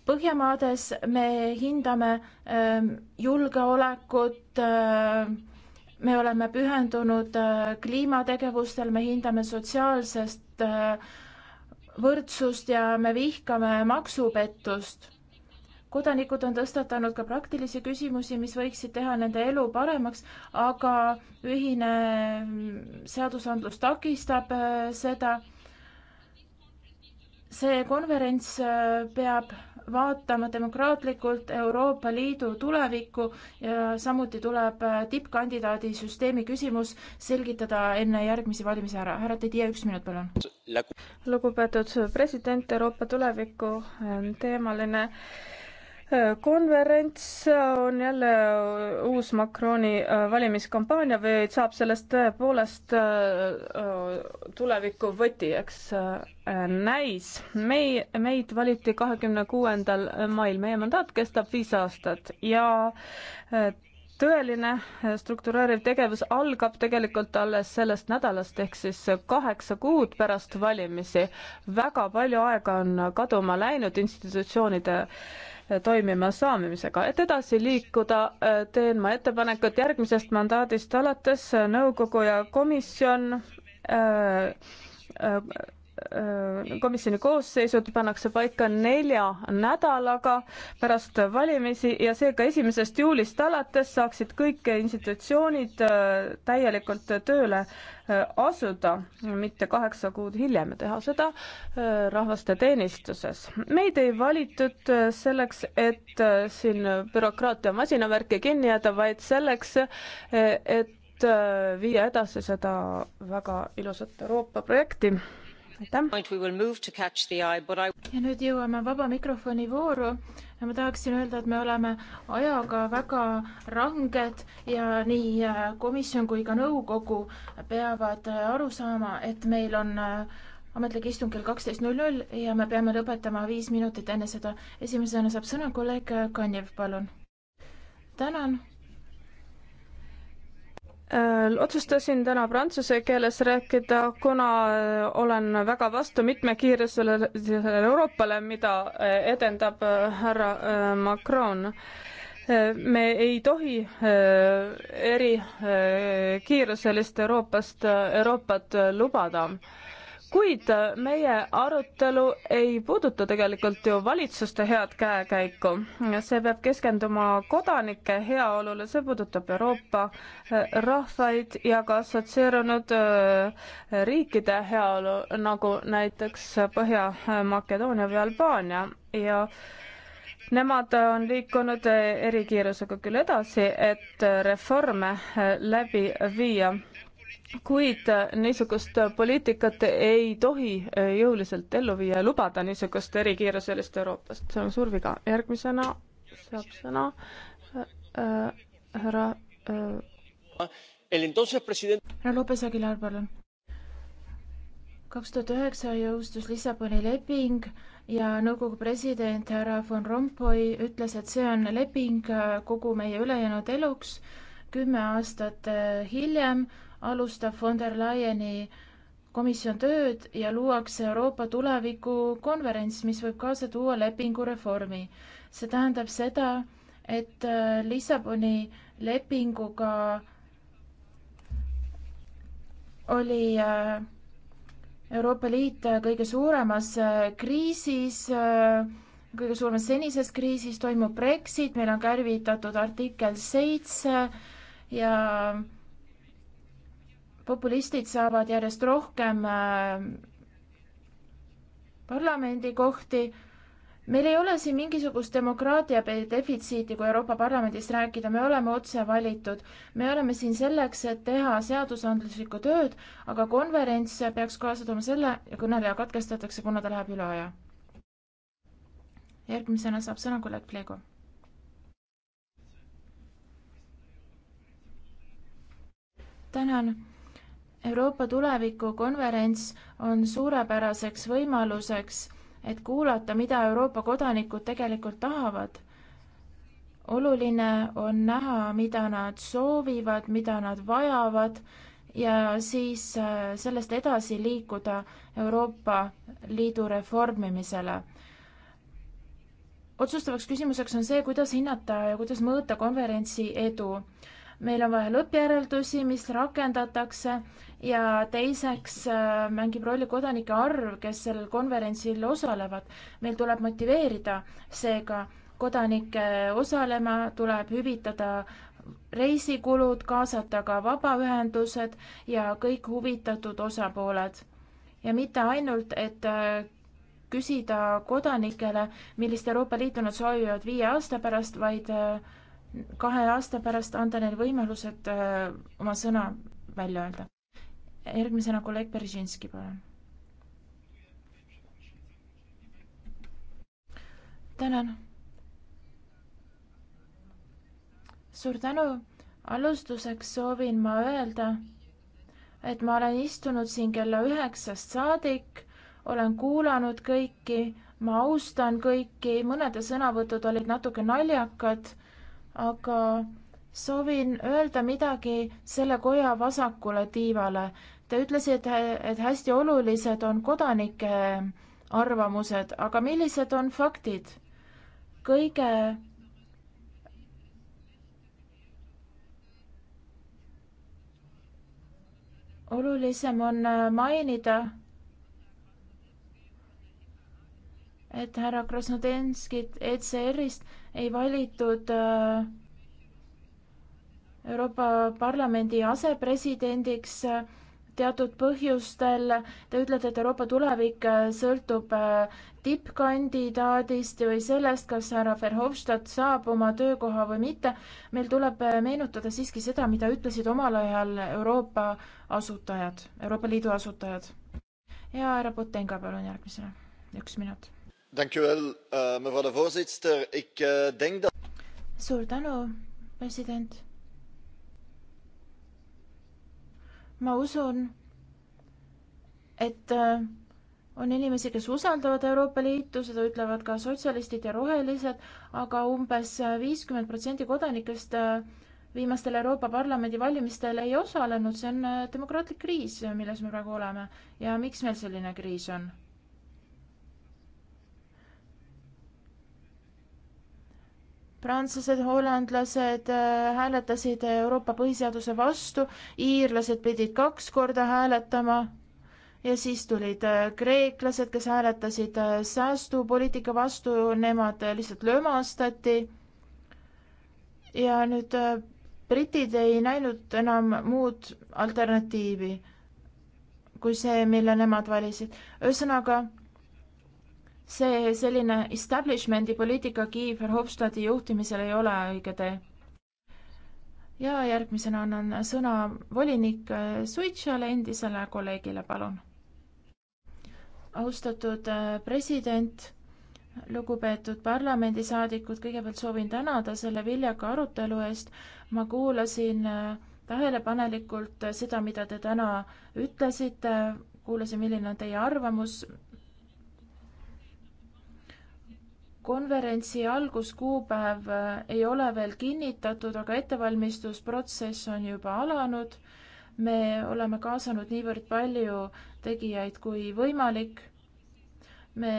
Põhjamaades me hindame ähm, julgeolekut, ähm, me oleme pühendunud äh, kliimategevustel, me hindame sotsiaalsest äh, võrdsust ja me vihkame maksupettust kodanikud on tõstatanud ka praktilisi küsimusi, mis võiksid teha nende elu paremaks, aga ühine mm, seadusandlus takistab äh, seda. see konverents äh, peab vaatama demokraatlikult Euroopa Liidu tulevikku ja samuti tuleb äh, tippkandidaadi süsteemi küsimus selgitada enne järgmisi valimisi ära. härra Tedia, üks minut, palun. lugupeetud president, Euroopa tuleviku ähm, teemaline konverents on jälle uus Macroni äh, valimiskampaania või saab sellest tõepoolest äh, tuleviku võtijaks äh, näis. mei-, meid valiti kahekümne kuuendal mail, meie mandaat kestab viis aastat ja tõeline struktureeriv tegevus algab tegelikult alles sellest nädalast ehk siis kaheksa kuud pärast valimisi. väga palju aega on kaduma läinud institutsioonide äh, toimima saamisega. et edasi liikuda, äh, teen ma ettepaneku, et järgmisest mandaadist alates äh, nõukogu ja komisjon äh, äh, Äh, komisjoni koosseisud pannakse paika nelja nädalaga pärast valimisi ja seega esimesest juulist alates saaksid kõik institutsioonid äh, täielikult tööle äh, asuda, mitte kaheksa kuud hiljem ja teha seda rahvaste teenistuses. meid ei valitud selleks, et siin bürokraatia masinavärki kinni jääda, vaid selleks, et viia edasi seda väga ilusat Euroopa projekti aitäh. ja nüüd jõuame vaba mikrofoni vooru ja ma tahaksin öelda, et me oleme ajaga väga ranged ja nii äh, komisjon kui ka nõukogu peavad äh, aru saama, et meil on äh, ametlik istung kell kaksteist null null ja me peame lõpetama viis minutit enne seda. esimesena saab sõna kolleeg Kanjev, palun. tänan Äh, otsustasin täna prantsuse keeles rääkida, kuna äh, olen väga vastu mitmekiirusele äh, Euroopale, mida edendab härra Macron me ei tohi erikiiruselist Euroopast, Euroopat lubada kuid äh, meie arutelu ei puuduta tegelikult ju valitsuste head käekäiku. see peab keskenduma kodanike heaolule, see puudutab Euroopa äh, rahvaid ja ka assotsieerunud äh, riikide heaolu, nagu näiteks Põhja-Makedoonia või Albaania ja Nemad on liikunud erikiirusega küll edasi, et reforme läbi viia kuid äh, niisugust äh, poliitikat ei tohi äh, jõuliselt ellu viia ja lubada niisugust erikiiruselist Euroopast, see on suur viga. järgmisena saab sõna härra härra Lopes Aguilar, palun kaks tuhat üheksa jõustus Lissaboni leping ja nõukogu president härra Von Rompuy ütles, et see on leping kogu meie ülejäänud eluks. kümme aastat hiljem alustab von der Leyeni komisjon tööd ja luuakse Euroopa tulevikukonverents, mis võib kaasa tuua lepingureformi. see tähendab seda, et äh, Lissaboni lepinguga oli äh, Euroopa Liit äh, kõige suuremas kriisis, kõige suuremas senises kriisis toimub Brexit, meil on kärvitatud artikkel seitse ja populistid saavad järjest rohkem äh, parlamendikohti. meil ei ole siin mingisugust demokraatia defitsiiti, kui Euroopa Parlamendist rääkida, me oleme otse valitud. me oleme siin selleks, et teha seadusandluslikku tööd, aga konverents peaks kaasa tooma selle ja kõneleja katkestatakse, kuna ta läheb üle aja. järgmisena saab sõna kolleeg Plego. tänan Euroopa tulevikukonverents on suurepäraseks võimaluseks, et kuulata, mida Euroopa kodanikud tegelikult tahavad. oluline on näha, mida nad soovivad, mida nad vajavad ja siis äh, sellest edasi liikuda Euroopa Liidu reformimisele. otsustavaks küsimuseks on see, kuidas hinnata ja kuidas mõõta konverentsi edu meil on vaja lõppjäreldusi, mis rakendatakse ja teiseks äh, mängib rolli kodanike arv, kes sellel konverentsil osalevad. meil tuleb motiveerida seega kodanikke äh, osalema, tuleb hüvitada reisikulud, kaasata ka vabaühendused ja kõik huvitatud osapooled. ja mitte ainult, et äh, küsida kodanikele, millist Euroopa Liitu nad soovivad viie aasta pärast, vaid kahe aasta pärast anda neile võimalused äh, oma sõna välja öelda. järgmisena kolleeg Beržinski, palun. tänan. suur tänu. alustuseks soovin ma öelda, et ma olen istunud siin kella üheksast saadik, olen kuulanud kõiki, ma austan kõiki, mõnede sõnavõtud olid natuke naljakad aga soovin öelda midagi selle koja vasakule tiivale. Te ütlesite, et hästi olulised on kodanike arvamused, aga millised on faktid? kõige olulisem on mainida, et härra Krasnodenskit ECR-ist ei valitud äh, Euroopa Parlamendi asepresidendiks äh, teatud põhjustel. Te ütlete, et Euroopa tulevik äh, sõltub tippkandidaadist või sellest, kas härra Verhofstadt saab oma töökoha või mitte. meil tuleb meenutada siiski seda, mida ütlesid omal ajal Euroopa asutajad, Euroopa Liidu asutajad. ja härra Potenga, palun järgmisena, üks minut Eh, voorzitter ik eh, denk dat. suur tänu president. ma usun et eh, on inimesi, kes usaldavad Euroopa Liitu, seda ütlevad ka sotsialistid ja rohelised, aga umbes viiskümmend protsenti kodanikest viimastel Euroopa Parlamendi valimistel ei osalenud, see on demokraatlik kriis, milles me praegu oleme. ja miks meil selline kriis on? prantslased, hollandlased äh, hääletasid Euroopa põhiseaduse vastu, iirlased pidid kaks korda hääletama ja siis tulid äh, kreeklased, kes hääletasid äh, säästupoliitika vastu, nemad lihtsalt lömastati. ja nüüd britid ei näinud enam muud alternatiivi kui see, mille nemad valisid. ühesõnaga see selline establishment'i poliitika Guy Verhofstadti juhtimisel ei ole õige tee. ja järgmisena annan sõna volinik Suitsale, endisele kolleegile, palun. austatud äh, president, lugupeetud parlamendisaadikud, kõigepealt soovin tänada selle viljaka arutelu eest. ma kuulasin äh, tähelepanelikult seda, mida te täna ütlesite, kuulasin, milline on teie arvamus konverentsi alguskuupäev äh, ei ole veel kinnitatud, aga ettevalmistusprotsess on juba alanud. me oleme kaasanud niivõrd palju tegijaid kui võimalik. me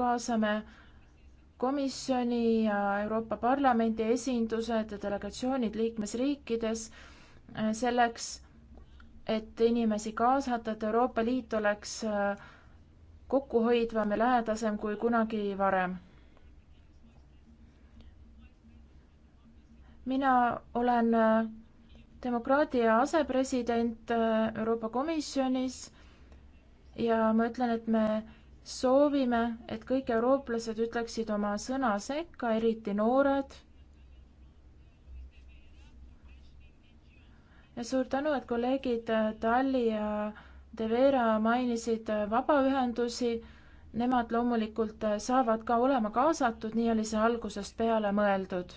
kaasame komisjoni ja Euroopa Parlamendi esindused ja delegatsioonid liikmesriikides äh, selleks, et inimesi kaasata, et Euroopa Liit oleks äh, kokkuhoidvam ja lähedasem kui kunagi varem mina olen äh, demokraatia asepresident äh, Euroopa Komisjonis ja ma ütlen, et me soovime, et kõik eurooplased ütleksid oma sõna sekka, eriti noored. ja suur tänu, et kolleegid äh, Talli ja De Vera mainisid vabaühendusi. Nemad loomulikult saavad ka olema kaasatud, nii oli see algusest peale mõeldud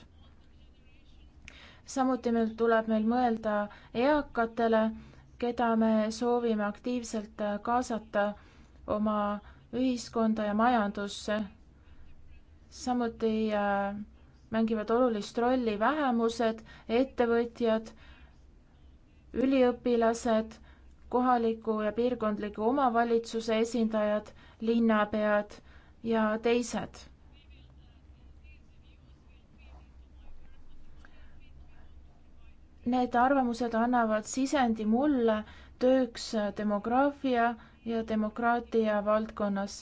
samuti meil tuleb meil mõelda eakatele, keda me soovime aktiivselt äh, kaasata oma ühiskonda ja majandusse. samuti äh, mängivad olulist rolli vähemused, ettevõtjad, üliõpilased, kohaliku ja piirkondliku omavalitsuse esindajad, linnapead ja teised Need arvamused annavad sisendi mulle tööks demograafia ja demokraatia valdkonnas.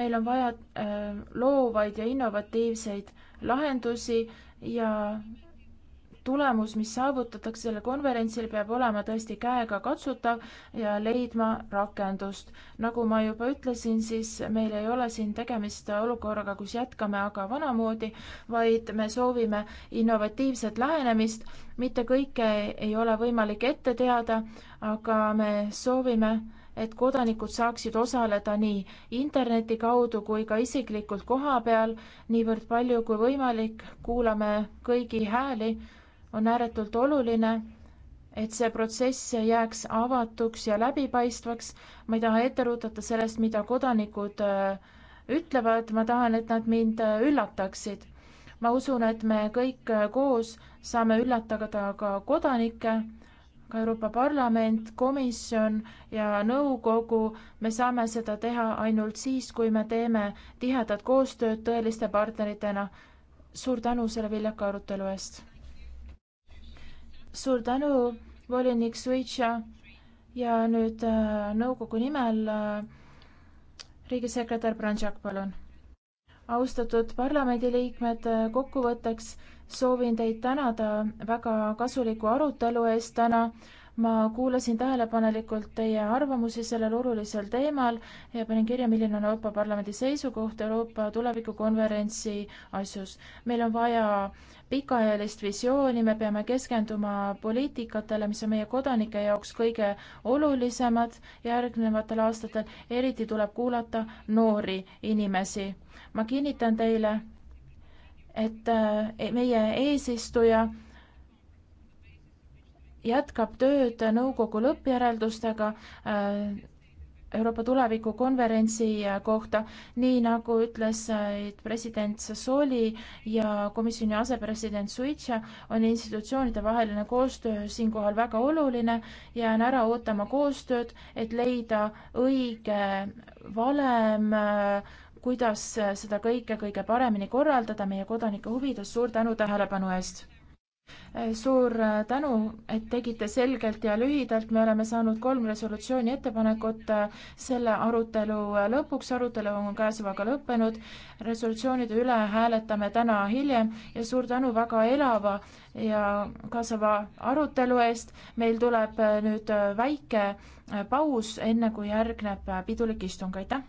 meil on vaja äh, loovaid ja innovatiivseid lahendusi ja tulemus, mis saavutatakse sellel konverentsil, peab olema tõesti käegakatsutav ja leidma rakendust. nagu ma juba ütlesin, siis meil ei ole siin tegemist olukorraga, kus jätkame aga vanamoodi, vaid me soovime innovatiivset lähenemist. mitte kõike ei ole võimalik ette teada, aga me soovime et kodanikud saaksid osaleda nii interneti kaudu kui ka isiklikult kohapeal niivõrd palju kui võimalik, kuulame kõigi hääli on ääretult oluline, et see protsess jääks avatuks ja läbipaistvaks. ma ei taha ette rutata sellest, mida kodanikud äh, ütlevad, ma tahan, et nad mind äh, üllataksid. ma usun, et me kõik äh, koos saame üllatada ka kodanikke, ka Euroopa Parlament, komisjon ja nõukogu. me saame seda teha ainult siis, kui me teeme tihedat koostööd tõeliste partneritena. suur tänu selle viljaka arutelu eest suur tänu, volinik Suitša ja nüüd äh, nõukogu nimel äh, riigisekretär Brandžak, palun. austatud parlamendiliikmed, äh, kokkuvõtteks soovin teid tänada väga kasuliku arutelu eest täna. ma kuulasin tähelepanelikult teie arvamusi sellel olulisel teemal ja panin kirja, milline on Euroopa Parlamendi seisukoht Euroopa tulevikukonverentsi asjus. meil on vaja äh, pikaajalist visiooni, me peame keskenduma poliitikatele, mis on meie kodanike jaoks kõige olulisemad järgnevatel aastatel, eriti tuleb kuulata noori inimesi. ma kinnitan teile, et äh, meie eesistuja jätkab tööd nõukogu lõppjäreldustega äh, Euroopa tulevikukonverentsi äh, kohta, nii nagu ütlesid äh, president Sassoli ja komisjoni asepresident Suitša, on institutsioonide vaheline koostöö siinkohal väga oluline. jään ära ootama koostööd, et leida õige valem, äh, kuidas seda kõike kõige paremini korraldada meie kodanike huvides. suur tänu tähelepanu eest! Äh, suur äh, tänu, et tegite selgelt ja lühidalt, me oleme saanud kolm resolutsiooni ettepanekut äh, selle arutelu lõpuks, arutelu on käesolevaga lõppenud, resolutsioonide üle hääletame täna hiljem ja suur tänu väga elava ja kaasava arutelu eest, meil tuleb nüüd väike paus, enne kui järgneb pidulik istung, aitäh!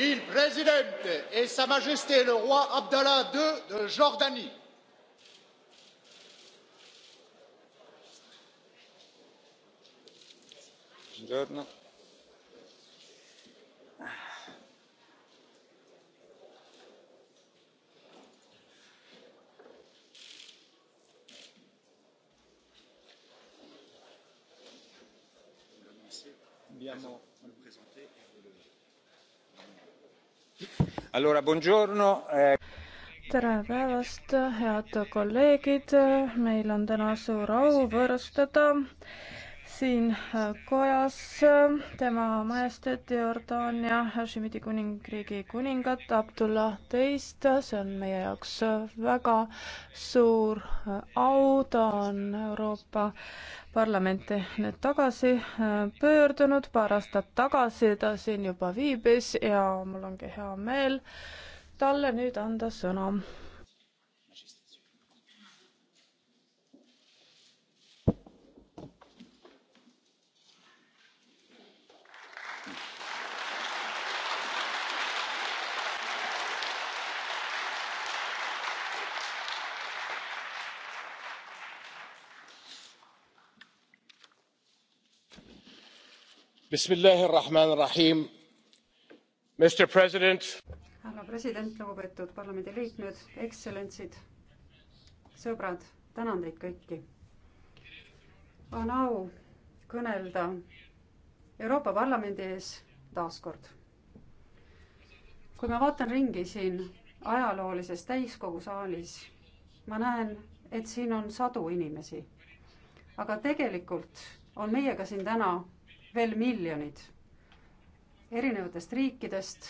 il Presidente e Sa Majesté le roi Abdallah II de Jordanie. Buongiorno. Abbiamo Eh. tere päevast, head kolleegid, meil on täna suur au võõrustada siin äh, kojas äh, tema majesteet Jordaania Hashemiti kuningriigi kuningat Abdullah teist, see on meie jaoks äh, väga suur au, ta on Euroopa Parlamenti nüüd tagasi pöördunud, paar aastat tagasi ta siin juba viibis ja mul ongi hea meel talle nüüd anda sõna härra president lugupeetud parlamendiliikmed ekstsellentsid sõbrad tänan teid kõiki on au kõnelda euroopa parlamendi ees taas kord kui ma vaatan ringi siin ajaloolises täiskogu saalis ma näen et siin on sadu inimesi aga tegelikult on meiega siin täna veel miljonid erinevatest riikidest.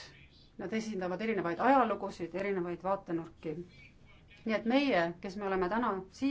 Nad esindavad erinevaid ajalugusid, erinevaid vaatenurki. nii et meie, kes me oleme täna siia